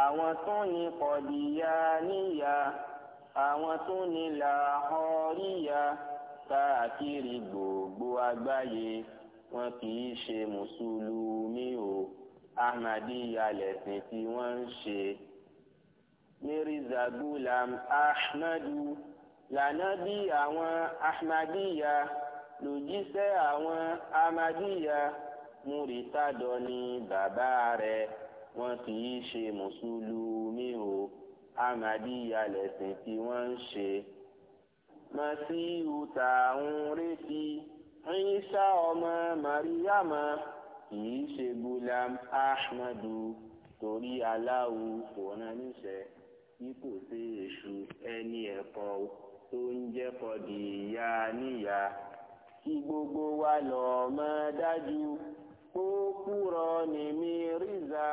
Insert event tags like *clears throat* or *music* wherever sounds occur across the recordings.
àwọn tó ní kọ̀díyà níyà àwọn tó ní làhọ́ríyà káàkiri gbogbo àgbáyé wọn kì í ṣe mùsùlùmí o ahmadiyya lẹ̀sìn tí wọ́n ń ṣe. mirza gulam ahmadu lànábì àwọn ahmadiyya lòjíṣẹ́ àwọn ahmadiyya múritádọ́ ni bàbá rẹ̀ wọn kì í ṣe mùsùlùmí o amadiya lẹ̀sìn tí wọ́n ń ṣe. masiu tá à ń retí Ìsá ọmọ mariama kì ṣe gulam ahmadu torí aláwo kò rán níṣẹ́ bí kò sí èṣù ẹni ẹ̀kọ́ tó ń jẹ́ kọ́dì ìyá níyà kí gbogbo wa lọ́ọ́ mọ̀ dájú kó kúrò ní mírízà.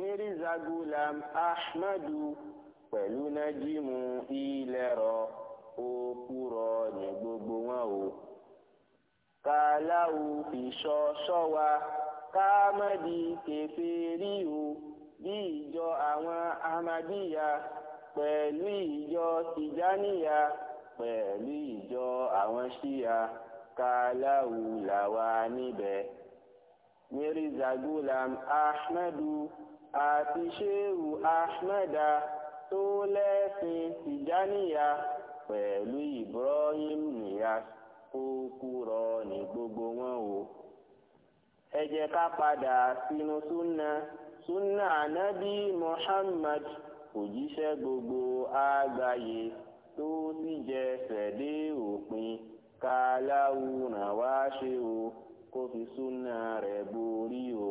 Mirza Gulam Ahmadu pẹ̀lú Nájímù Ilẹ̀rọ òpùrọ̀ ní gbogbo wọn o. Kàláwù ìṣọ́ ṣọ́wa káàmọ́dì kẹfẹ́rí o bí ìjọ àwọn Ahmadiyya pẹ̀lú ìjọ Tijaniya pẹ̀lú ìjọ àwọn Ṣíya kàláwù làwa níbẹ̀. Mirza Gulam Ahmadu. àti sheu ahmeda tó lẹ́sìn tìjáníyà pẹ̀lú ibrahim niyas ó kúrọ ní gbogbo wọn o ẹ jẹ́ ká padà sínú súnà súnà ànábì muhammad òjíṣẹ́ gbogbo àgbáyé tó sì jẹsẹ̀ dé òpin ká wá ṣe o kó fi súnà rẹ̀ o.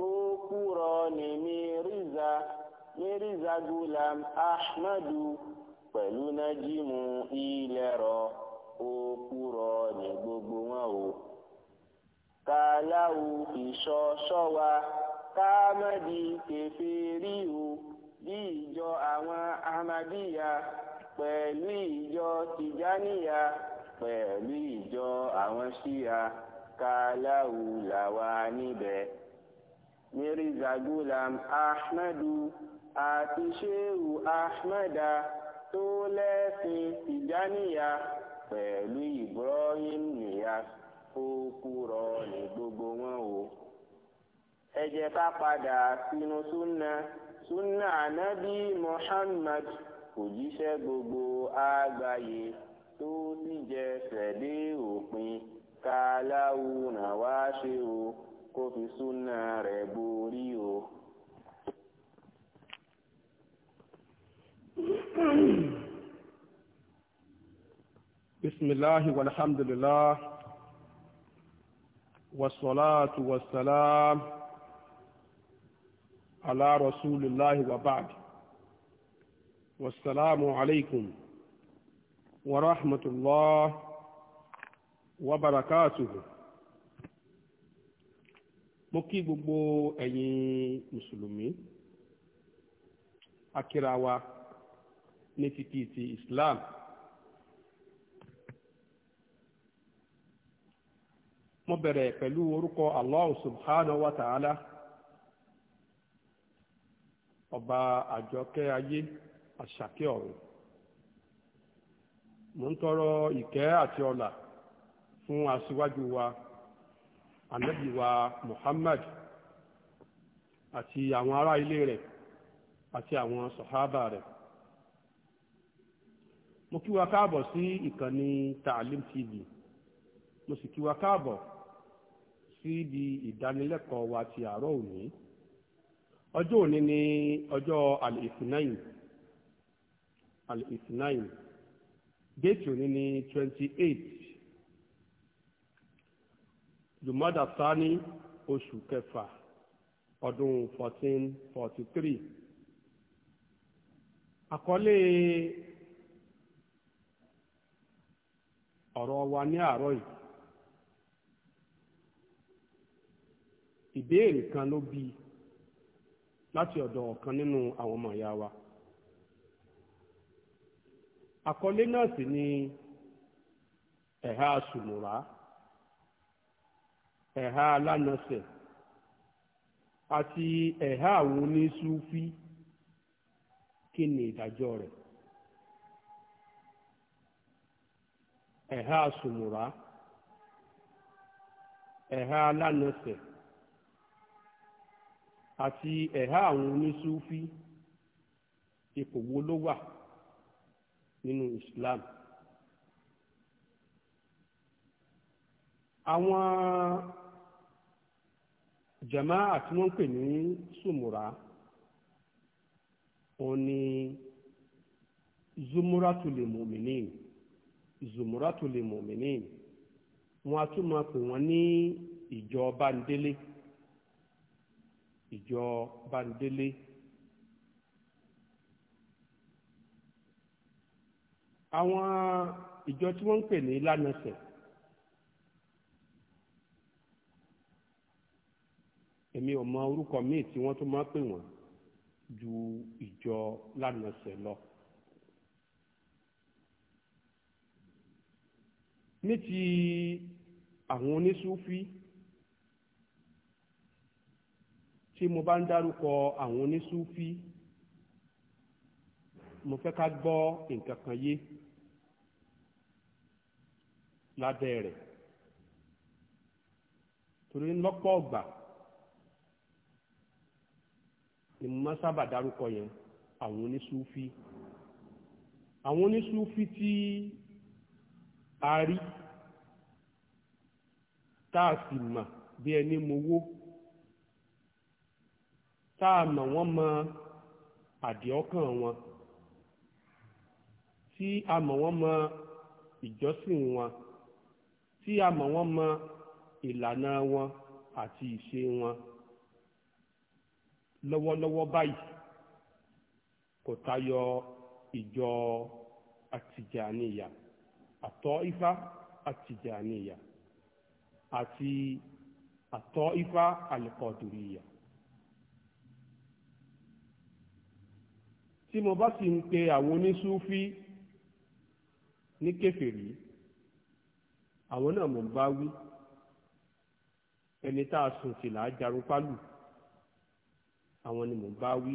òkúrọ ní mírízà mírízà gulam ahmadu pẹ̀lú nájímù ilẹ̀rọ òkúrọ ní gbogbo wọn o. kàláwù ìṣọ ṣọwa kámẹ́dì kẹfẹ́rí o bí ìjọ àwọn ahmadiyya pẹ̀lú ìjọ tìjáníyà pẹ̀lú ìjọ àwọn ṣíya kàláwù làwa níbẹ̀ mirza gulam ahmadu àti shehu ahmada tó lẹ́sìn tìjáníyà pẹ̀lú ibrahim niyas ó kúrọ ní gbogbo wọn o ẹ ká padà sínú súnà súnà ànábì muhammad òjíṣẹ́ gbogbo àgbáyé tó sì jẹsẹ̀ dé òpin ká láwùrán wá ṣe o. kó fi súnà rẹ̀ borí o. بسم الله والحمد لله والصلاة والسلام على رسول الله وبعد والسلام عليكم ورحمة الله وبركاته mo kí gbogbo ẹ̀yin mùsùlùmí akíra wa ní títí ti Islam mo bẹ̀rẹ̀ pẹ̀lú orúkọ Allah subhanahu wa ta'ala ọba àjọkẹ́ ayé àṣàkẹ́ ọ̀run mo ń tọrọ ìkẹ́ àti fún aṣíwájú wa. ànábì wa Muhammad àti àwọn ará ilé rẹ̀ àti àwọn sọ̀hábà rẹ̀ mo kí wa káàbọ̀ sí ìkànnì Taalim TV mo sì kí wa káàbọ̀ sí ibi ìdánilẹ́kọ̀ọ́ wa ti àárọ̀ òní ọjọ́ òní ni ọjọ́ al-ithnain al-ithnain déètì òní ni twenty eight jùmọ́dà ni oṣù kẹfà ọdún 1443 àkọlé ọ̀rọ̀ wa ní àárọ̀ yìí ìbéèrè kan ló bí láti ọ̀dọ̀ ọ̀kan nínú àwọn ọmọ ìyá wa àkọlé náà sì ni ẹ̀há sùmùrà. ẹ̀há alánọsẹ̀ àti ẹ̀há àwọn oníṣúfí kí ni ìdájọ́ rẹ̀ ẹ̀há àsùnmùrá ẹ̀há alánọsẹ̀ àti ẹ̀há àwọn oníṣúfí ipò wo ló wà nínú Islam. àwọn jamaa tí wọ́n ń pè ní sùmùrà òun ni zumuratule muminin zumuratule muminin wọ́n a tún máa pè wọ́n ní ìjọ bandele ìjọ bandele. àwọn ìjọ tí wọ́n pè ní lánàṣẹ̀ èmi ò mọ orúkọ míì tí wọ́n tún máa pè wọ́n ju ìjọ lánàṣẹ lọ. ní ti àwọn onísúfí tí mo bá ń dárúkọ àwọn onísúfí mo fẹ́ ká gbọ́ nǹkan kan yé lábẹ́ rẹ̀ torí lọ́pọ̀ ọgbà ni mo máa sábà dárúkọ yẹn àwọn onísúfí àwọn onísúfí tí a rí tá a sì mà bí ẹni mowó tá a mọ̀ wọ́n mọ àdìọ́kàn wọn tí a mọ̀ wọ́n mọ ìjọsìn wọn tí a mọ̀ wọ́n mọ ìlànà wọn àti ìṣe wọn lọ́wọ́lọ́wọ́ báyìí kò tayọ ìjọ àtìjàníyà àtọ́ ifá àtìjàníyà àti àtọ́ ifá àlùkọ̀dùrìyà. tí mo bá sì ń pe àwọn onísúfí ní kèfèrí àwọn náà mo bá wí ẹni tá a sùn sí là á jarun pálù àwọn ni mò ń bá wí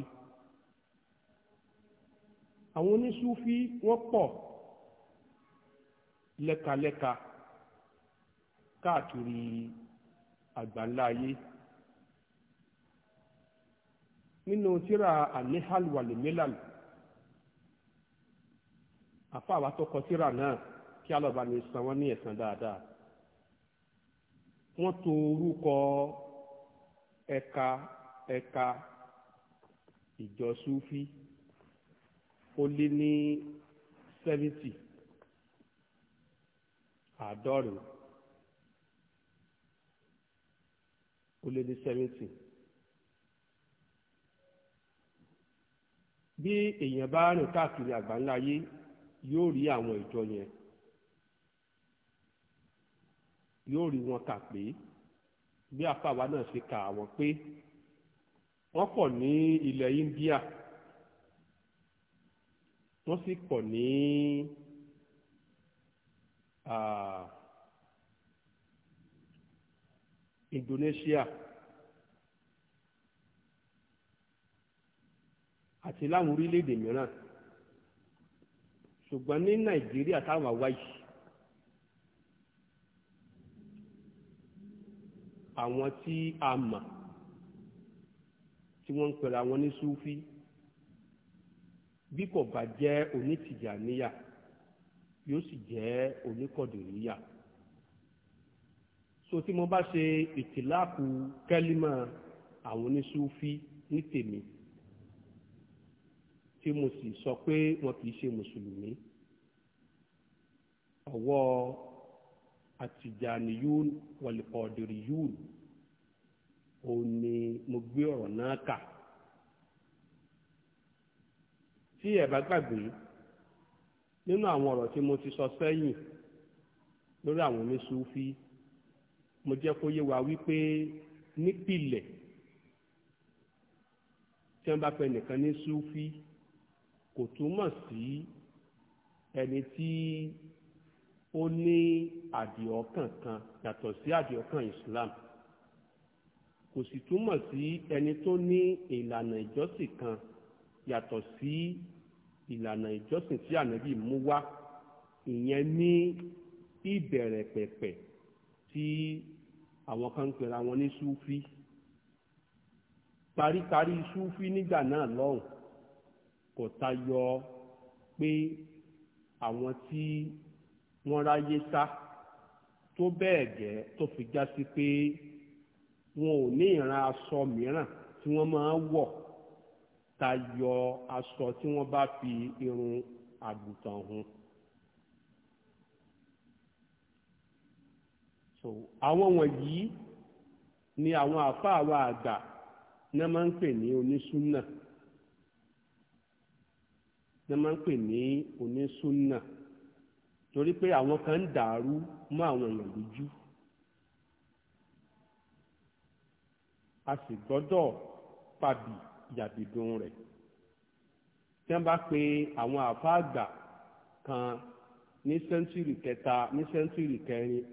àwọn oníṣúfí wọ́n pọ̀ lẹ́kalẹ́ka káàkiri àgbáńlá ayé nínú tírà anihal walimilal àfáàwá tó kọ tírà náà kí alọba ní san wọn ní ẹ̀san dáadáa wọ́n to orúkọ ẹ̀ka ẹ̀ka ìjọ sufi ó lé ní sẹ́fìtì àádọ́rin ó lé ní sẹ́fìtì. bí èèyàn bá rìn káàkiri àgbáńlá ayé yóò rí àwọn ìjọ yẹn yóò rí wọn kà pé bí àfàwa náà ṣe kà àwọn pé wọ́n pọ̀ ní ilẹ̀ India wọ́n sì pọ̀ ní Indonesia àti láwọn orílẹ̀-èdè mìíràn ṣùgbọ́n ní Nàìjíríà táwọn àwáyé àwọn tí a mọ̀ tí wọ́n ń pera wọn ní súfí bí kò bá jẹ́ onítìjàníyà yóò sì jẹ́ oníkọ̀dìríyà so tí mo bá ṣe ìtìláàkù kẹ́límà àwọn onísúfí ní tèmi tí mo sì sọ pé wọn kì í ṣe mùsùlùmí ọwọ́ àtìjàníyún wọ̀lẹ̀kọ̀dìríyún o ni mo gbé ọ̀rọ̀ náà kà tí ẹ bá gbàgbé nínú àwọn ọ̀rọ̀ tí mo ti sọ sẹ́yìn lórí àwọn oníṣúfí mo jẹ́ kó yé wa wípé nípìlẹ̀ tí wọ́n bá pè nìkan ní súfí kò túmọ̀ sí ẹni tí ó ní àdìọ́kàn kan yàtọ̀ sí àdìọ́kàn Islam kò sì túmọ̀ sí ẹni tó ní ìlànà ìjọsìn kan yàtọ̀ sí ìlànà ìjọsìn tí ànábì mú wá ìyẹn ní ìbẹ̀rẹ̀ pẹ̀pẹ̀ tí àwọn kan ń pera wọn ní súfí paríparí súfí nígbà náà lọ́hùn kò tayọ pé àwọn tí wọ́n ráyé sá tó bẹ́ẹ̀ gẹ́ tó fi já sí pé wọn ò ní ìran aṣọ mìíràn tí wọ́n máa wọ̀ tayọ aṣọ tí wọ́n bá fi irun àgùntàn hun. so àwọn wọ̀nyí ni àwọn àfáà wa àgbà náà máa ń pè ní onísúnà náà máa ń pè ní onísúnà torí pé àwọn kan ń dàrú mọ́ àwọn èèyàn lójú. a sì gbọ́dọ̀ pàbí yàbìdùn rẹ̀ tí pe àwọn àgbà kan ní sẹ́ńtúrì kẹta ní sẹ́ńtúrì kẹrin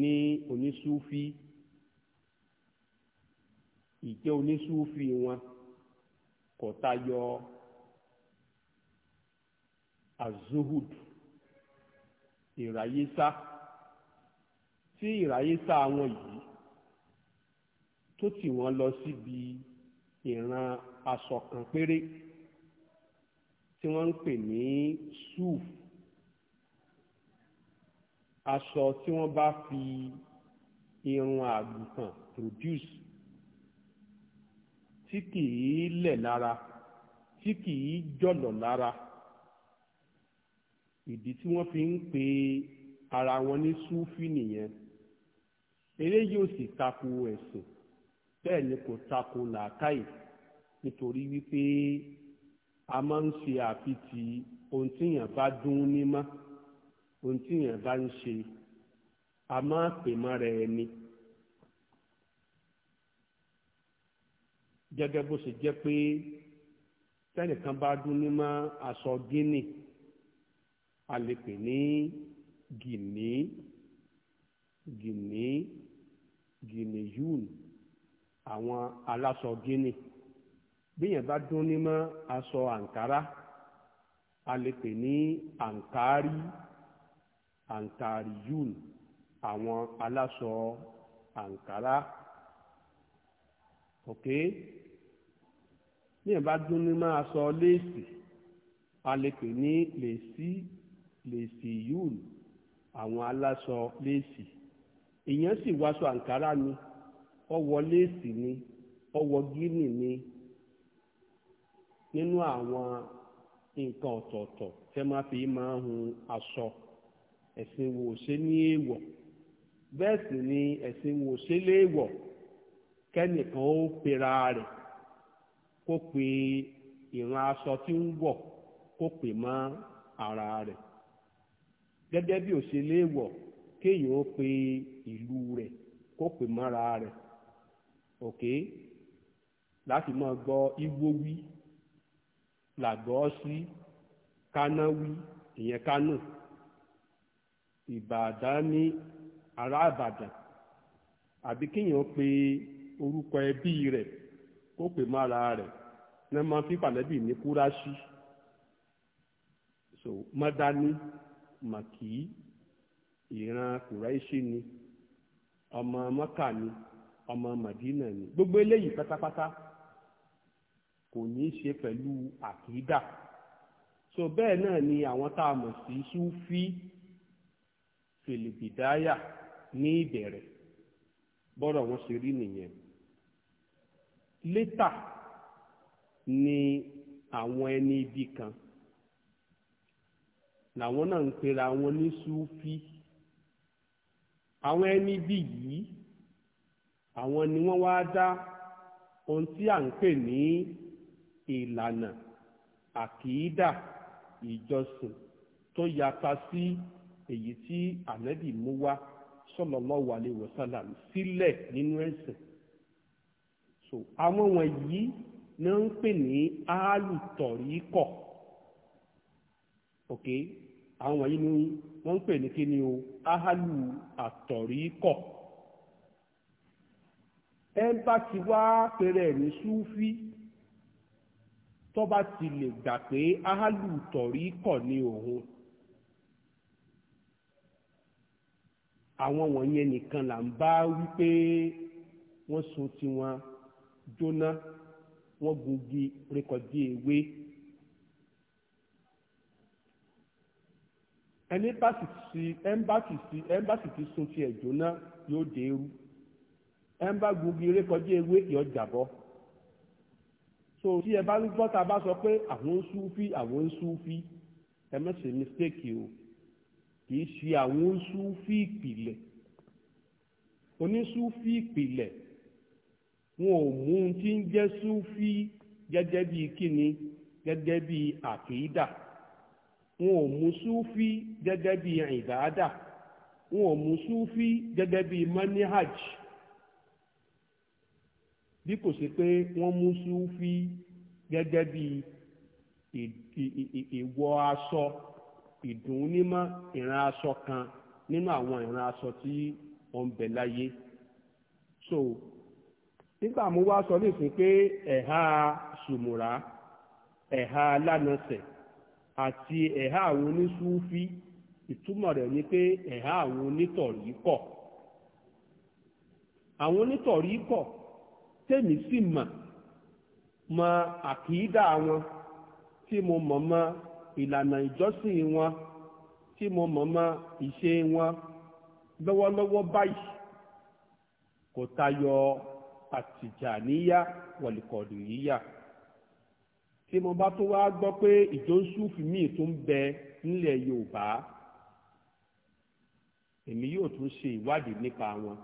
ní ìjẹ́ wọn kò tayọ azuhud ìràyésá tí wọn yìí tó tì wọ́n lọ síbi ìran aṣọ kan péré tí wọ́n ń pè ní sùf aṣọ tí wọ́n bá fi irun àgùntàn produce tí kìí lẹ̀ lára tí kìí jọ̀lọ̀ lára ìdí tí wọ́n fi ń pe ara wọn ní súfì nìyẹn eléyìí ò sì tako ẹ̀sìn bẹ́ẹ̀ ni kò tako làákàyè nítorí wípé a máa ń ṣe àfitì ohun tíyàn bá dún ní mọ́ ohun tíyàn bá ń ṣe a máa pè mọ́ra ẹni. gẹ́gẹ́ bó ṣe jẹ́ pé tẹ́nìkan bá dún ní mọ́ aṣọ gíní a lè pè ní gìní gìní gìníyún àwọn aláṣọ gíní bíyàn bá dún ní mọ́ aṣọ àǹkárá a lè pè ní àǹkárí àǹkárìyún àwọn aláṣọ àǹkárá ok bíyàn bá dún ní mọ́ aṣọ léèsì a lè pè ní lèsì lèsì yún àwọn aláṣọ léèsì ìyẹn sì wáṣọ àǹkárá ni. Ọwọ léèsì ni ọwọ́ gíní ni nínú àwọn nǹkan ọ̀tọ̀ọ̀tọ̀ tẹ́ máa fi máa hun aṣọ ẹ̀sìn wo ṣe ní èèwọ̀ bẹ́ẹ̀ sì ni ẹ̀sìn wo ṣe léèwọ̀ kẹ́nìkan ó pera rẹ̀ kó pe ìran aṣọ tí ń wọ̀ kó pè mọ́ ara rẹ̀ gẹ́gẹ́ bí kéèyàn ó pe ìlú rẹ̀ kó pè rẹ̀ oke láti máa gbọ́ iwó wí làgọ́ sí káná wí ìyẹn kánò ìbàdàn ní ará àbí kéèyàn pe orúkọ ẹbí rẹ̀ kó pè mára rẹ̀ ní wọ́n máa ní kúráṣí so mọ́dání màkì ìran kùráìṣí ni ọmọ ni. ọmọ madina ni gbogbo eléyìí pátápátá kò ní í ṣe pẹ̀lú àkídà so bẹ́ẹ̀ náà ni àwọn tá a mọ̀ sí Súfí fìlìbìdáyà ní ìbẹ̀rẹ̀ bọ́rọ̀ wọn ṣe rí nìyẹn létà ni àwọn ẹni ibi kan làwọn náà ń pera wọn ní Súfí àwọn ẹni ibi yìí àwọn ni wọ́n wá dá ohun tí à ń pè ní ìlànà àkìídà ìjọsìn tó yapa sí èyí tí ànábì mú wá sallallahu alaihi wasallam sílẹ̀ nínú ẹ̀sìn so àwọn wọ̀nyí ni wọ́n ń pè ní alùtọ̀ríkọ̀ ok àwọn wọ̀nyí ni wọ́n ń pè ní kí ni o ahalu àtọ̀ríkọ̀ ẹ ń bá ti wá pẹ̀rẹ̀ ní súfí tó bá ti lè gbà pé áhálù tọ̀rí kọ̀ ní òun àwọn wọ̀nyẹn nìkan là ń bá wípé wọ́n sun tiwọn jóná wọ́n gungi rékọ̀dí ewé ẹni bá sì ti sun jóná yóò dé eru ẹ ń bá gbogbo eré kọjá ewé yọ jàbọ́ so tí ẹ bá ń gbọ́ ta bá sọ pé àwọn ń súfí àwọn ń súfí ẹ má ṣe mistake o kì í ṣe àwọn ń súfí ìpìlẹ̀ onísúfí ìpìlẹ̀ wọn ò mú un tí ń jẹ́ súfí gẹ́gẹ́ bí kíni gẹ́gẹ́ bí àkìídà wọn ò mú súfí gẹ́gẹ́ bí ìdáadà wọn ò mú súfí gẹ́gẹ́ bí manihaj bí kò ṣe pé wọ́n mú súfì gẹ́gẹ́ bí ìwọ aṣọ ìdùn nímọ̀ ìran aṣọ kan nínú àwọn ìran aṣọ tí ó ń bẹ láyé so nígbà mo wá sọ nísìnyí pé ẹ̀ha sùmùrà ẹ̀ha lánàṣẹ̀ àti ẹ̀ha àwọn oníṣúfí ìtumọ̀ rẹ̀ ni pé ẹ̀ha àwọn onítọ̀rí kọ̀ àwọn onítọ̀rí kọ̀ tèmi sì mà mọ àkìídà wọn tí mo mọ̀ mọ ìlànà ìjọ́sìn wọn tí mo mọ̀ mọ ìṣe wọn lọ́wọ́lọ́wọ́ báyìí kò tayọ àtìjàníyá wọ̀lìkọ̀dù yíyà tí mo bá tó wá gbọ́ pé ìjọ súfì míì tó ń bẹ nílẹ̀ Yorùbá èmi yóò tún ṣe ìwádìí nípa wọn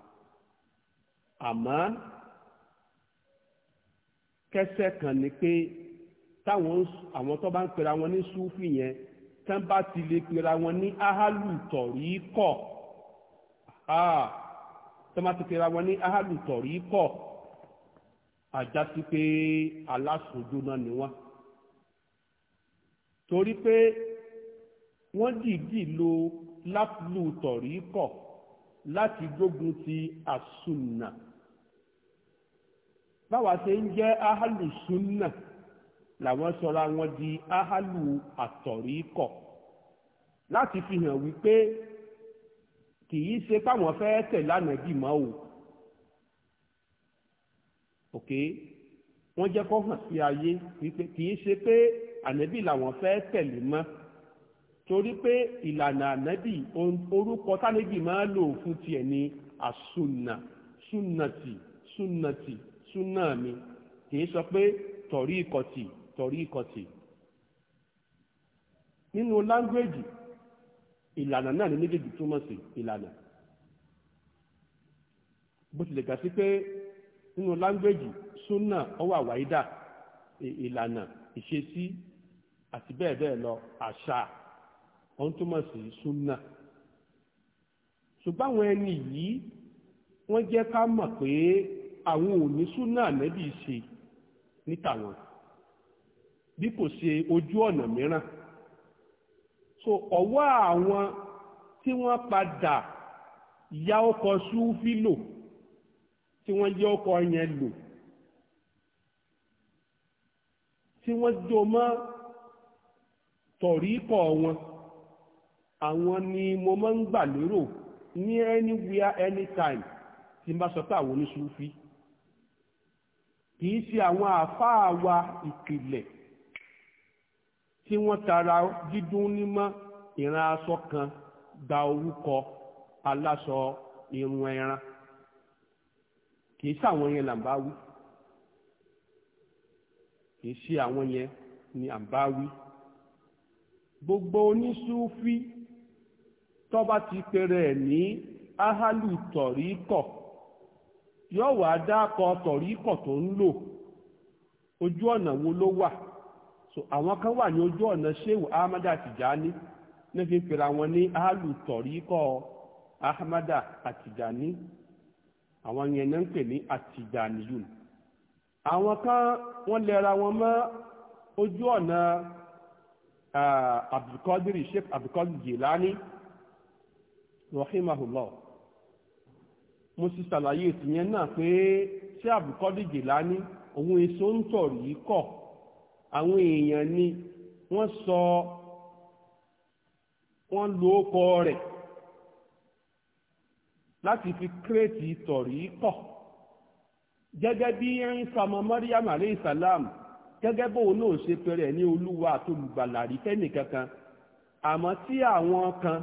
àmọ́ kẹsẹ̀ kan ni pé táwọn àwọn tó bá ń pera wọn ní súfì yẹn tán bá ti lè pera wọn ní áhálù tọ̀rí kọ̀ ah, tán bá ti pera wọn ní áhálù tọ̀rí kọ̀ pé aláṣojú náà ni wọ́n torí pé wọ́n dìídì lo lápùlù tọ̀rí kọ̀ láti gbógun ti àsùnà báwa ṣe ń jẹ́ ahalu sunna làwọn sọra wọn di ahalu àtọ̀ríkọ̀ láti fi hàn wípé kì í ṣe páwọn fẹ́ tẹ̀ lánàá bì mọ́ o ok wọ́n jẹ́ kó hàn sí ayé wípé kì í ṣe pé ànábì làwọn fẹ́ tẹ̀lé mọ́ torí pé ìlànà ànábì orúkọ tánàbì máa lò fún tiẹ̀ ní àsùnà súnàtì súnàtì súnà mi kì í sọ pé tọ̀rí ìkọ̀tì tọ̀rí ìkọ̀tì nínú láńgbéèjì ìlànà náà ní méjèèjì túmọ̀ sí ìlànà bó tilẹ̀ gà sí pé nínú láńgbéèjì súnà ọwọ́ àwáyídà ìlànà ìṣesí àti bẹ́ẹ̀ bẹ́ẹ̀ lọ àṣà ọ̀hún túmọ̀ sí súnà ṣùgbọ́n àwọn ẹni yìí wọ́n jẹ́ ká mọ̀ pé àwọn òní súnà nẹ́bí ṣe ní tàwọn bí kò ṣe ojú ọ̀nà mìíràn so ọwọ́ àwọn tí wọ́n padà yá ọkọ̀ súfì lò tí wọ́n yá ọkọ̀ yẹn lò tí wọ́n jọ mọ́ tọ̀ríkọ̀ wọn àwọn ni mo máa ń gbà lérò ní anywhere anytime tí n bá sọ pé àwọn oníṣúfì kì í ṣe àwọn àáfàá wa ìpìlẹ̀ tí wọ́n tara dídún nímọ́ ìran aṣọ kan gba orúkọ aláṣọ irun ẹran kì í ṣàwọn yẹn là ń bá wí kì í ṣe àwọn yẹn ni à ń bá wí gbogbo oníṣúfí tó bá ti pèrè ní áhálù tọ̀rí kọ̀ yóò wá dákọ tọ̀ríkọ̀ tó ń lò ojú ọ̀nà wo ló wà so àwọn kan wà ní ojú ọ̀nà Shehu Ahmad Atijani ní fi pèrè àwọn ní áàlù tọ̀ríkọ̀ Ahmad Atijani àwọn yẹn náà ń pè ní Atijaniyun àwọn kan wọ́n lẹ́ra wọn mọ́ ojú ọ̀nà ah, Abdulkadir Sheikh Abdulkadir Jilani rahimahullah mo sì ṣàlàyé ìtìyẹn náà pé ṣé àbùkọ́dì Jìlání òun èso ń tọ̀ yìí kọ̀ àwọn èèyàn ni wọ́n sọ wọ́n lo ókọ rẹ̀ láti fi kírètì tọ̀rí kọ̀ gẹ́gẹ́ bí ẹ̀ńsàmọ́ Maryam aleyhi salam gẹ́gẹ́ bóun náà ṣe pẹ̀rẹ̀ ní olúwa àtolùgbàlà rí fẹ́nìkankan àmọ́ tí àwọn kan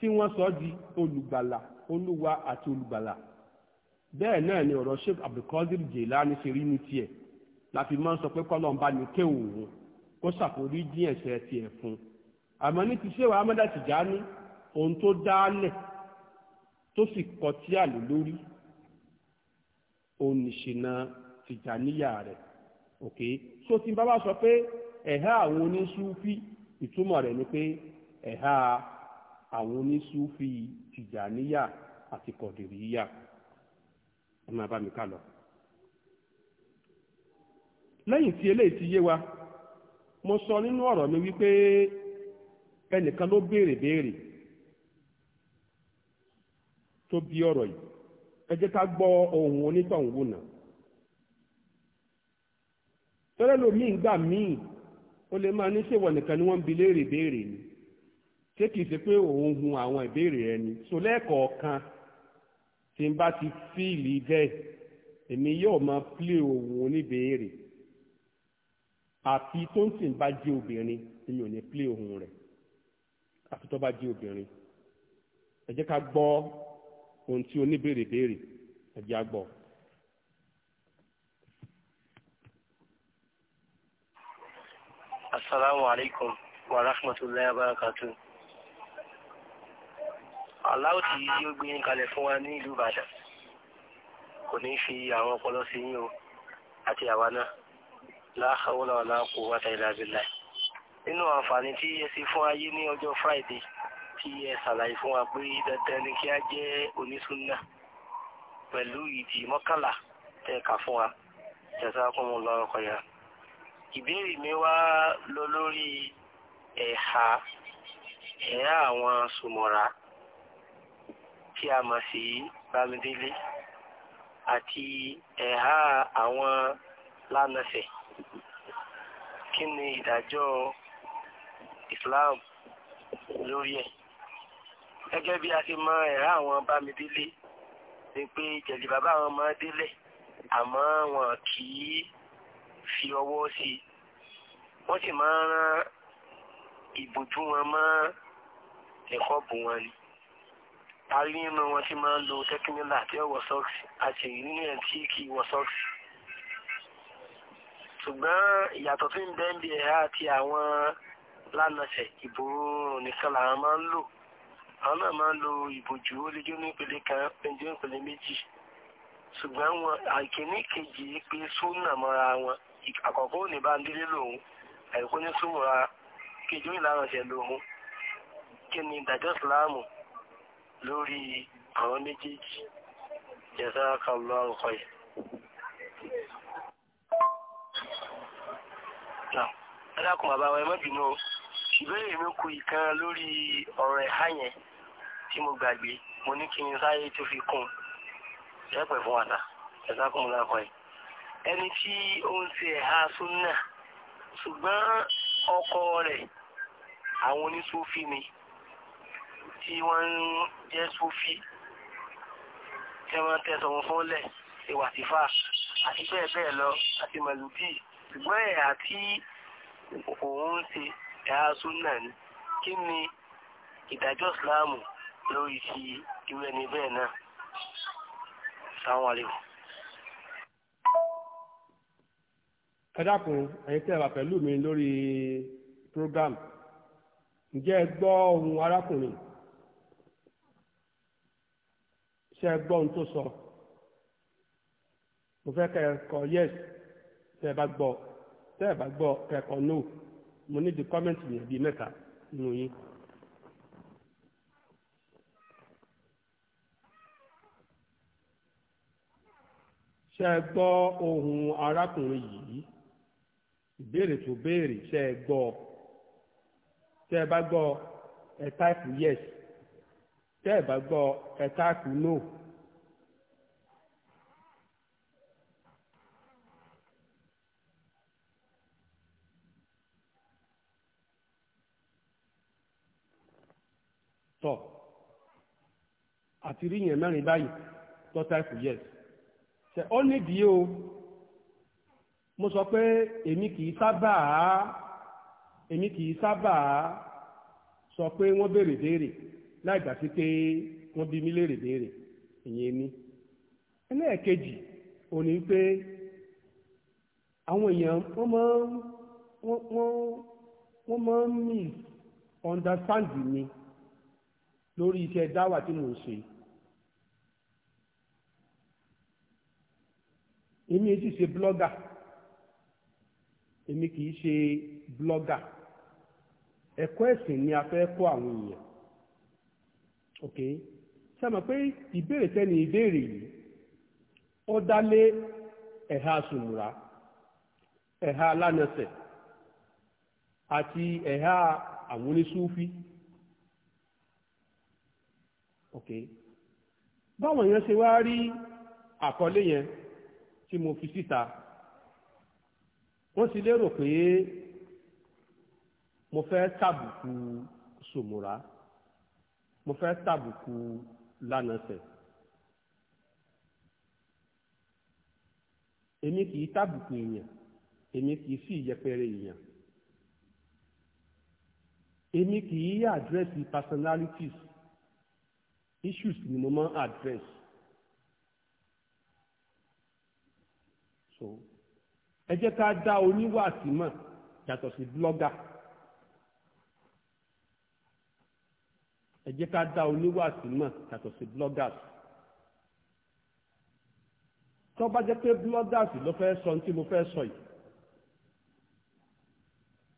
tí wọ́n sọ di olùgbàlà olúwa àti olùgbàlà bẹ́ẹ̀ náà ni ọ̀rọ̀ Sheikh Abdulkadir Jelani ṣe rí ní tiẹ̀ láfi máa ń sọ pé kọ́lọ́n ni ní kéwù òun kó ṣàforí dín ẹ̀ṣẹ̀ tiẹ̀ fún un àmọ́ ní ti ṣéwà Ahmad Tijani ohun tó dálẹ̀ tó sì kọ tí àlè lórí òun nìṣìnà Tijaniya rẹ̀ òkè so tí bàbá sọ pé ẹ̀há àwọn oníṣúfí ìtumọ̀ rẹ̀ ni pé ẹ̀há àwọn onísúfì tìjàníyà àti kọ̀dìríyà ẹ máa bá mi ká lọ. lẹ́yìn tí eléyìí ti yé wa mo sọ nínú ọ̀rọ̀ mi wípé ẹnìkan ló béèrè béèrè tó bí ọ̀rọ̀ yìí ẹjẹ́ ká gbọ́ ohun onítọ̀hún náà ìgbà míì ó lè máa ní ṣèwọ̀ nìkan ni wọ́n ń bi léèrè béèrè ṣé kìí ṣe pé òun hun àwọn ìbéèrè ẹni so lẹ́ẹ̀kọ̀ọ̀kan tí n bá ti fíìlì bẹ́ẹ̀ èmi yóò máa plé òun oníbèèrè àfi tó ń sì bá jẹ́ obìnrin èmi ò ní plé òun rẹ̀ àfi tó bá jẹ́ obìnrin ẹ jẹ́ ká gbọ́ ohun tí oníbèèrè béèrè ẹ jẹ́ á gbọ́. asalaamualeykum wa rahmatulahi wa barakatuh aláwọ̀ tí yóò gbé yín kalẹ̀ fún wa ní ìlú Ìbàdàn kò ní fi àwọn ọpọlọ sí yín o àti àwa náà la hawla wala quwwata illa billah nínú àǹfààní tí ẹ ṣe fún ayé ní ọjọ́ Friday tí ẹ ṣàlàyé fún wa pé dandan ni kí a jẹ́ onísúnnà pẹ̀lú ìdí mọ́kànlá tẹ́ kà fún wa jazakumullahu khairan ìbéèrè mi wá lọ lórí ẹ̀ha ẹ̀yà àwọn sùmọ̀ra tí a mọ̀ sí bámidélé àti ẹ̀há àwọn lánàfẹ̀ kí ni ìdájọ́ Islam lórí ẹ̀ gẹ́gẹ́ bí a ti mọ ẹ̀há àwọn bámidélé ni pé jẹ̀lì bàbá àwọn ọmọ délẹ̀ àmọ́ wọn kì í fi ọwọ́ sí wọ́n sì máa ń rán ìbòjú wọn mọ́ ẹ̀kọ́ bù wọn ni. a rí inú wọn tí máa ń lo tẹ́kínílà tí ó wọ sọ́ọ̀sì tí ṣùgbọ́n ìyàtọ̀ tí ń bẹ́ẹ̀bì ẹ̀ àti àwọn lánàṣẹ̀ ìbòrò nìkan làwọn máa ń lò lo ìbòjú ó kan péjọ ìpele méjì ṣùgbọ́n wọn àìkíní kejì pé súnà mọ́ra wọn àkọ́kọ́ bá ń délé lòun àìkú ní kejì lòun kí lórí àwọn méjèèjì jazakallahu khairan alákùn bàbá wa ẹ má bínú ìbéèrè mi kù ìkan lórí ọ̀rọ̀ ẹ̀há yẹn tí mo gbàgbé mo ní kí n sáyé tó fi kún ẹ̀pẹ̀ fún wàtà jazakumullahu khairan ẹni tí ó ń ṣe ẹ̀há súnà ṣùgbọ́n ọkọ rẹ̀ àwọn oníṣòfin ni tí wọ́n ń jẹ́ sófí tí wọ́n tẹ́sọ̀ wọn fọ́lẹ̀ ìwà tífà àti bẹ́ẹ̀ bẹ́ẹ̀ lọ àti màlúdì ṣùgbọ́n ẹ̀ àti òun ṣe ẹ̀há súnà ní kí ni ìdájọ́ ìsìláàmù lórí ti irú ẹni bẹ́ẹ̀ náà sáwọn àlejò. ẹ dákun ẹ̀yin tí ẹ wà pẹ̀lú mi lórí program ǹjẹ́ ẹ gbọ́ ohun arákùnrin ṣé ẹ gbọ́ ohun tó sọ mo fẹ́ kẹ́ ẹ kọ yes tẹ́ ẹ bá gbọ́ tẹ́ ẹ bá gbọ́ kẹ́ ẹ kọ no mo ní di kọ́mẹ́ǹtì yẹn bíi mẹ́ta nínú yín. ṣé ẹ gbọ́ ohùn arákùnrin yìí ìbéèrè tó béèrè ṣé gbọ́ ṣé ẹ bá gbọ́ ẹ táìpù yes. tẹ́ ẹ̀ bá gbọ́ ẹ táàkù no. tọ́ àti ríyìn yẹn mẹ́rin báyìí tọ́ táàkù yes ṣe ó nídìí o mo sọ pé èmi kì í sábà èmi kì í sábà sọ pé wọn béèrè béèrè. láì gbà sí pé wọ́n bí mi léèrè béèrè ìyẹn ní. ẹlẹ́ẹ̀kejì ò ní pé àwọn èèyàn wọ́n máa ń wọ́n wọ́n máa ń miss understand mi lórí iṣẹ́ dáwà tí mò ń ṣe. èmi sì ṣe blogger èmi kì í ṣe blogger ẹ̀kọ́ ẹ̀sìn ni a fẹ́ kọ́ àwọn èèyàn ok sẹ́mọ̀ pé ìbéèrè tẹ́ni ìbéèrè yìí ó dá lé ẹ̀ha sùmùrà ẹ̀ha alánẹsẹ̀ àti ẹ̀ha àwọn ok báwọn èèyàn ṣe wá rí àkọlé yẹn tí mo fi síta wọ́n sì lérò pé mo fẹ́ tàbùkù sùmùrà. So mo fẹ́ tàbùkù lánàṣẹ̀ èmi kì í tàbùkù èèyàn èmi kì í sì yẹpẹrẹ èèyàn èmi kì í àdírẹ́sì personalities issues ni mo máa ń àdírẹ́s so ẹ jẹ́ ká dá oníwàásí mọ̀ yàtọ̀ sí blogger. ẹ jẹ́ ká dá oníwàásù mọ̀ yàtọ̀ sí bloggers tó bá jẹ́ pé bloggers ló fẹ́ sọ ní tí mo fẹ́ sọ yìí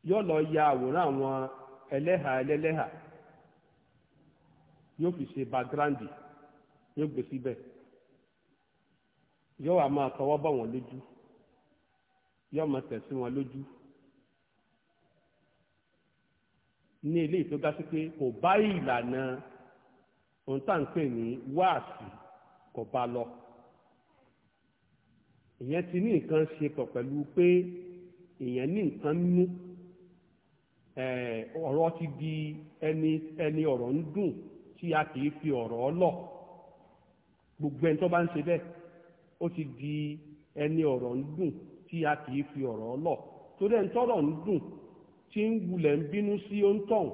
yóò lọ ya àwòrán àwọn ẹlẹ́hà ẹlẹ́lẹ́hà yóò fi ṣe background yóò gbé síbẹ̀ yóò wá máa tọwọ́ bọ̀ wọ́n lójú yóò máa tẹ̀ wọn lójú. ní eléyìí tó dá sí pé kò bá ìlànà ohun tá à ń pè ní wáàsì kò bá lọ ìyẹn ti ní nǹkan ṣe pọ̀ pẹ̀lú pé ìyẹn ní nǹkan nínú ọ̀rọ̀ ti di ẹni ẹni ọ̀rọ̀ ń dùn tí a kì í fi ọ̀rọ̀ lọ̀ gbogbo ẹni tó bá ń ṣe bẹ́ẹ̀ ó ti di ẹni ọ̀rọ̀ ń dùn tí a kì í fi ọ̀rọ̀ lọ̀ torí ẹni tọ́rọ̀ ń dùn tí ń wulẹ̀ ń bínú sí òǹtọ̀hún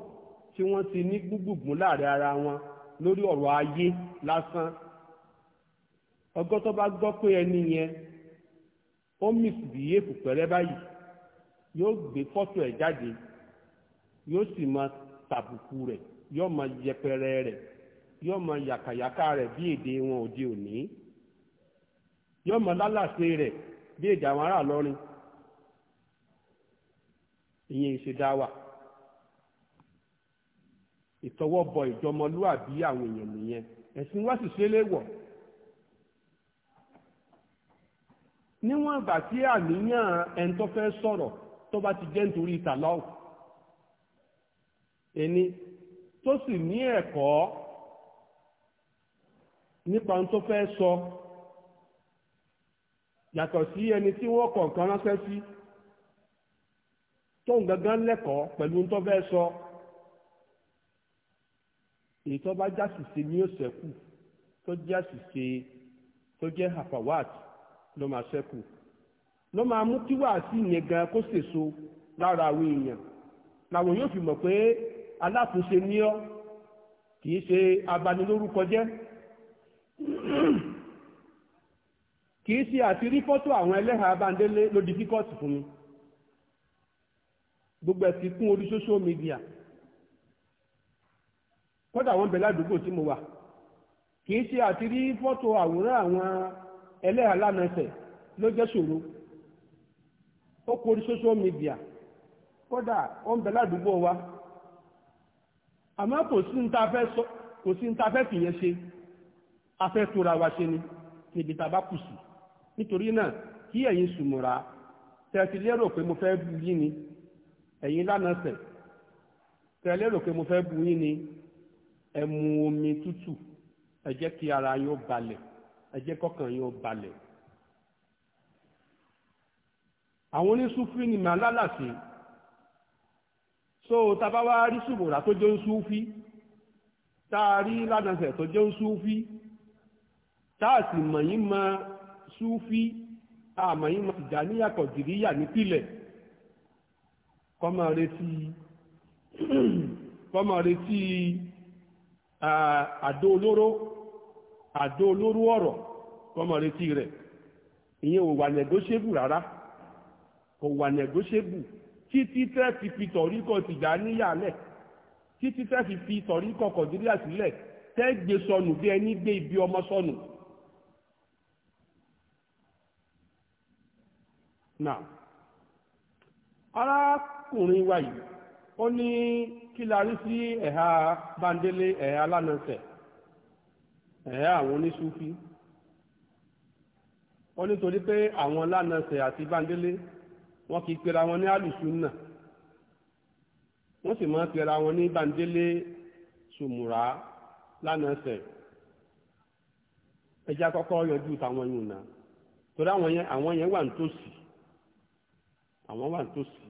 tí wọ́n ti ní gbúgbùgbùn láàrin ara wọn lórí ọ̀rọ̀ ayé lásán ọgọ́ tó bá gbọ́ pé ẹni yẹn ó mìsìbìyè báyìí yóò gbé fọ́tò ẹ̀ jáde yóò sì máa tàbùkù rẹ̀ yóò máa yẹpẹrẹ rẹ̀ yóò máa yàkàyàkà rẹ̀ bí wọn òde òní yóò máa lálàsẹ rẹ̀ bí èdè àwọn ìyẹn ìṣe dáwà ìtọwọ́ bọ ìjọmọlúàbí àwọn èèyàn nìyẹn ẹ̀sìn wá sì ṣe léwọ̀ níwọ̀n ìgbà tí àníyàn ẹni tó fẹ́ sọ̀rọ̀ tó bá ti jẹ́ nítorí ìtàláwù ẹni tó sì ní ẹ̀kọ́ nípa ohun tó fẹ́ sọ yàtọ̀ sí ẹni tí wọ́n kọ̀ọ̀kan ránṣẹ́ sí. tóun gangan lẹ́kọ̀ọ́ pẹ̀lú ń tó fẹ́ sọ èyí tó bá jásìse ní òsẹ̀kù tó jásìse tó jẹ́ hafawat ló máa ṣẹ́kù ló máa mú kí wàásì yẹn gan kó sèso lára àwọn èèyàn làwọn yóò fi mọ̀ pé aláàtúnṣe ní ọ kì í ṣe abanilórúkọ kì í ṣe àti rí fọ́tò àwọn ẹlẹ́hàá abáńdélé ló di fíkọ́ọ̀tì fún mi. gbogbo ẹ̀ fi kún orí social media kódà àwọn bẹ̀rẹ̀ àdúgbò tí mo wà kì í ṣe àti rí fọ́tò àwòrán àwọn ẹlẹ́hàlánàṣẹ̀ ló jẹ́ ṣòro ó kú orí social media kódà bẹ̀rẹ̀ àdúgbò wa àmọ́ kò sí ní fiye fẹ́ fìyẹn ṣe afẹ́ wa ṣe ni níbi tá a bá kù sí nítorí náà kí ẹ̀yin sùmùrà tẹ̀sí lérò pé mo fẹ́ ni ẹ̀yin lánàṣẹ̀ tẹ́lẹ̀ rò pé mo fẹ́ bu yín ni ẹ mu omi tútù ẹ jẹ́ kí ara yín ó balẹ̀ ẹ jẹ́ kọ́kàn yín ó balẹ̀. àwọn oníṣúfì ni màá lálàsì so tàbá wá rí ṣùgbọ́n tó jẹ́ ń súfì tá a rí lánàṣẹ̀ tó jẹ́ ń súfì tá a sì mọ̀ yín mọ súfì àmọ̀ yín mọ tìjà níyàkọ̀ jìríyà nípìlẹ̀ kọ́mọ retí *clears throat* kọ́mọ retí àdó olóró àdó olóró ọ̀rọ̀ kọ́mọ retí rẹ̀ ìyẹn ò wà nẹ̀gọ́ṣẹ́bù rárá kò wà nẹ̀gọ́ṣẹ́bù títí tẹ́ fi fi tọ̀ríkọ̀ tìjà níyàlẹ̀ títí tẹ́ fi fi tọ̀ríkọ̀ kọ̀díríà sílẹ̀ tẹ́ gbé sọnù bí ẹni gbé ibi ọmọ sọnù. Now. arákùnrin wa yìí ó ní kí la rí sí ẹ̀ha bandele ẹ̀ha lánàṣẹ̀ ẹ̀ha àwọn oníṣúfí ó nítorí pé àwọn lánàṣẹ̀ àti bandele wọn kì í pera wọn ní alùsùnà wọ́n sì máa ń pera wọn ní bandele sùmùrà ẹja yọjú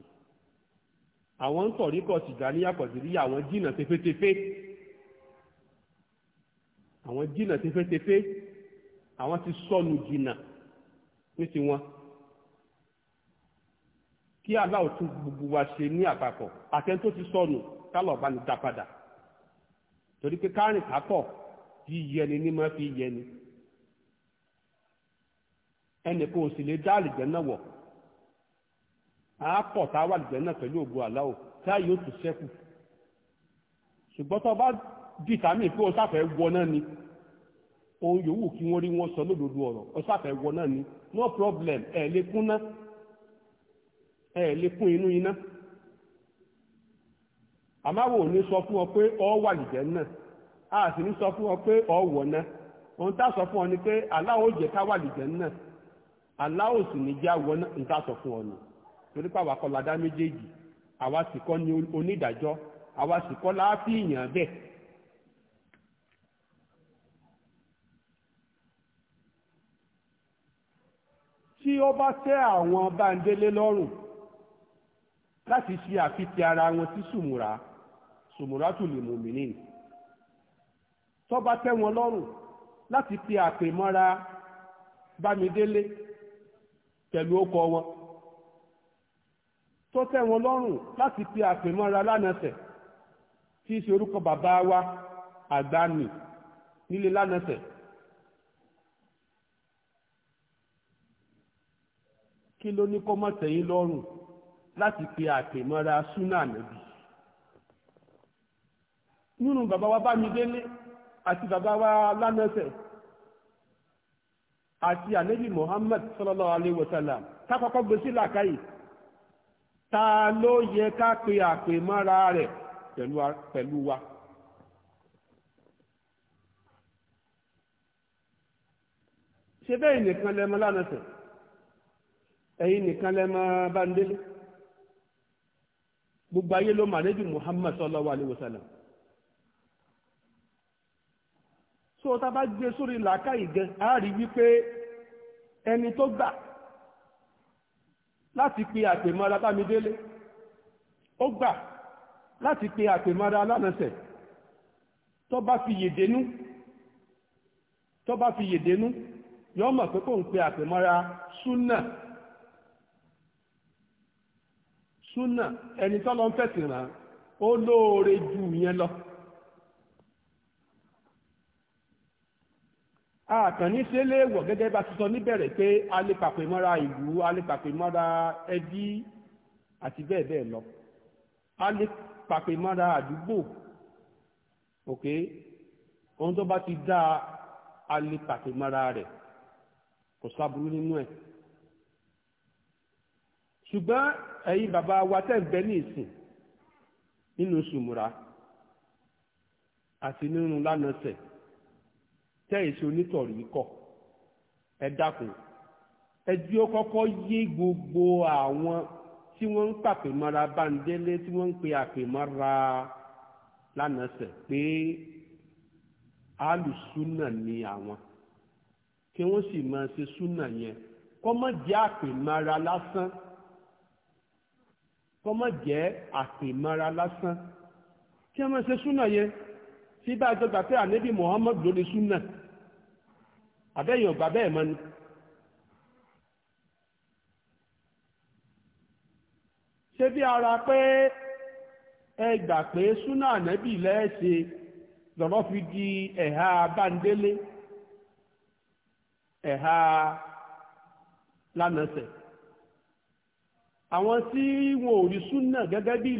àwọn ń tọ̀ríkọ̀ tìjàníyà pọ̀jìríyà àwọn jìnnà tefetefe àwọn jìnnà tefetefe àwọn ti sọnù jìnnà ní tiwọn kí aláwọ̀ tún gbogbo wa ṣe ní àpapọ̀ àtẹni tó ti sọnù kálọ̀ bá ní dá padà torí pé kárìn kápọ̀ yíyẹni ní máa fi yẹni ẹnì kan sì lè dá àlìjẹ́ náà wọ̀ àápọ̀ tá a náà pẹ̀lú ògo aláwò a yóò tún sẹ́kù ṣùgbọ́n tó bá dìtàmì pé o sáfẹ́ wọ náà ni ohun yòówù kí wọ́n rí wọn sọ lódodo ọ̀rọ̀ o sáfẹ́ wọ náà ni no problem ẹ̀ lè kún ẹ̀ lè kún inú iná àmáwò sọ fún ọ pé ọ náà a sì ní sọ fún ọ pé ọ wọ náà ohun tá sọ fún ọ ni pé ká náà sì ní já wọ náà sọ fún ọ nù. torí pé àwa kọ́ la dá méjèèjì àwa sì kọ́ ni onídàájọ́ àwa sì kọ́ láàfíìyàn bẹ́ẹ̀. tí ó bá tẹ́ àwọn báńdélé lọ́rùn láti ṣe àfitì ara wọn sí sùmùrà sùmùrà tù lè mùmìnì tó bá tẹ́ wọn lọ́rùn láti pe àpè mọ́ra bámidélé pẹ̀lú ọkọ wọn tó tẹ́ wọn lọ́rùn láti pe àpèmọ́ra lánàṣẹ̀ tí í ṣe orúkọ bàbá wa àgbàní nílé lánàṣẹ̀ kí ló ní kó má tẹ̀yìn lọ́rùn láti pe àpèmọ́ra súnà nàbì nínú bàbá wa Bámidélé àti bàbá wa lánàṣẹ̀ àti ànábì Muhammad sallallahu alaihi wasallam tápapọ̀ gbèsè làkàyè ta ló yẹ ká pe àpè mọ́ra rẹ̀ pẹ̀lú wa. ṣé bẹ́ẹ̀ nìkan lẹ́mọ lánàṣẹ̀ ẹ̀yin nìkan lẹ́mọ báńdélé gbogbo ayé ló mà lẹ́jù Muhammad sallallahu alaihi wasallam so tá a bá gbé sórí làákàyè gan a rí wípé ẹni tó gbà láti pe àpèmọ́ra bámidélé ó gbà láti pe àpèmọ́ra alánàṣẹ̀ tó bá fi yèdénú tó bá fi yèdénú yọ́ mọ̀ pé kò ń pe àpèmọ́ra súnà súnà ẹni tọ́lọ ń fẹ̀sìn rán ó lóore ju ìyẹn lọ àkànní ṣe lè wọ̀ gẹ́gẹ́ bá ti sọ níbẹ̀rẹ̀ pé a lè pàpè mọ́ra ìlú a lè pàpè mọ́ra ẹbí àti bẹ́ẹ̀ bẹ́ẹ̀ lọ a lè pàpè mọ́ra àdúgbò ok ohun tó bá ti dá a lè pàpè mọ́ra rẹ̀ kò sábúrú nínú ẹ̀ ṣùgbọ́n ẹ̀yin bàbá wa tẹ̀ ń bẹ ní ìsìn nínú sùmùrà àti nínú lánàṣẹ̀ tẹ́yìn sí onítọ̀rí kọ̀ ẹ dákun ẹ jí ó kọ́kọ́ yé gbogbo àwọn tí wọ́n ń pàpè mọ́ra báńdélé tí wọ́n ń pe àpè mọ́ra lánàṣẹ̀ pé alùsúnà ni àwọn kí wọ́n sì máa ṣe súnà yẹn kọ́mọ́ jẹ́ àpè mọ́ra lásán kọ́mọ́ jẹ́ àpè mọ́ra lásán kí wọ́n máa ṣe súnà yẹn. tí bá jọ gbà pé ànábì Muhammad lórí súnà àbẹ́yìn ọ̀gbà ni. bí ara pé ẹ gbà pé súnà ànábì lẹ́ẹ̀ṣẹ̀ lọ́rọ́ fi di ẹ̀ha báńdélé àwọn tí wọn ò rí súnà gẹ́gẹ́ bí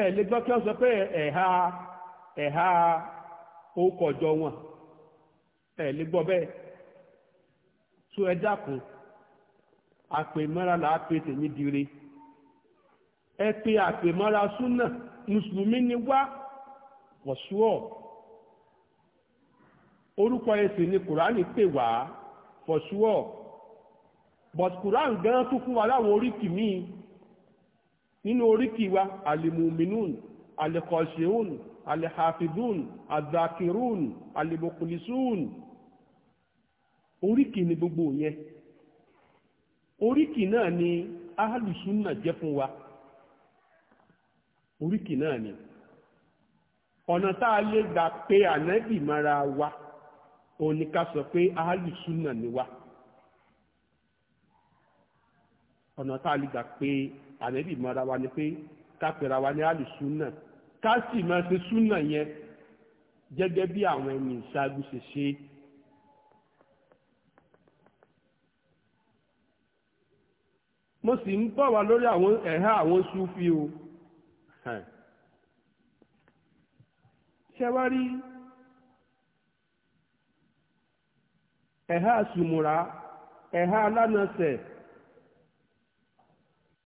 ẹ lè gbọ́ kí wọ́n sọ pé ẹ̀ha ẹ̀ha wọn ẹ lè gbọ́ bẹ́ẹ̀ tó ẹ dákun àpèmọ́ra là á pe tèmi dire ẹ pe àpèmọ́ra súnà mùsùlùmí ni wá wọ̀ṣúọ̀ orúkọ ẹ̀sìn ni kùránì pè wá wọ̀ṣúọ̀ but kùránì gan tún fún wa láwọn nínú oríkì wa alimuminun alikọ̀ṣeun alihafidun adakirun alibukulisun oríkì ni gbogbo yẹn oríkì náà ni ahàlùsúnà jẹ́ fún wa oríkì náà ni ọ̀nà tá a lè gbà pé ànábì mara wa òun ká sọ pé ahàlùsúnà ni wa ọ̀nà tá a lè gbà pé ànẹ́bì mọ́ra wa ni pé kápẹ́ra wa ní àlùsúnà ká sì máa ṣe súnà yẹn gẹ́gẹ́ bí àwọn ẹni ìṣáájú ṣe ṣe. mo sì ń bọ̀ wá lórí àwọn ẹ̀há àwọn súfì o ṣé wá rí ẹ̀há sùmùrà ẹ̀há alánàṣẹ̀.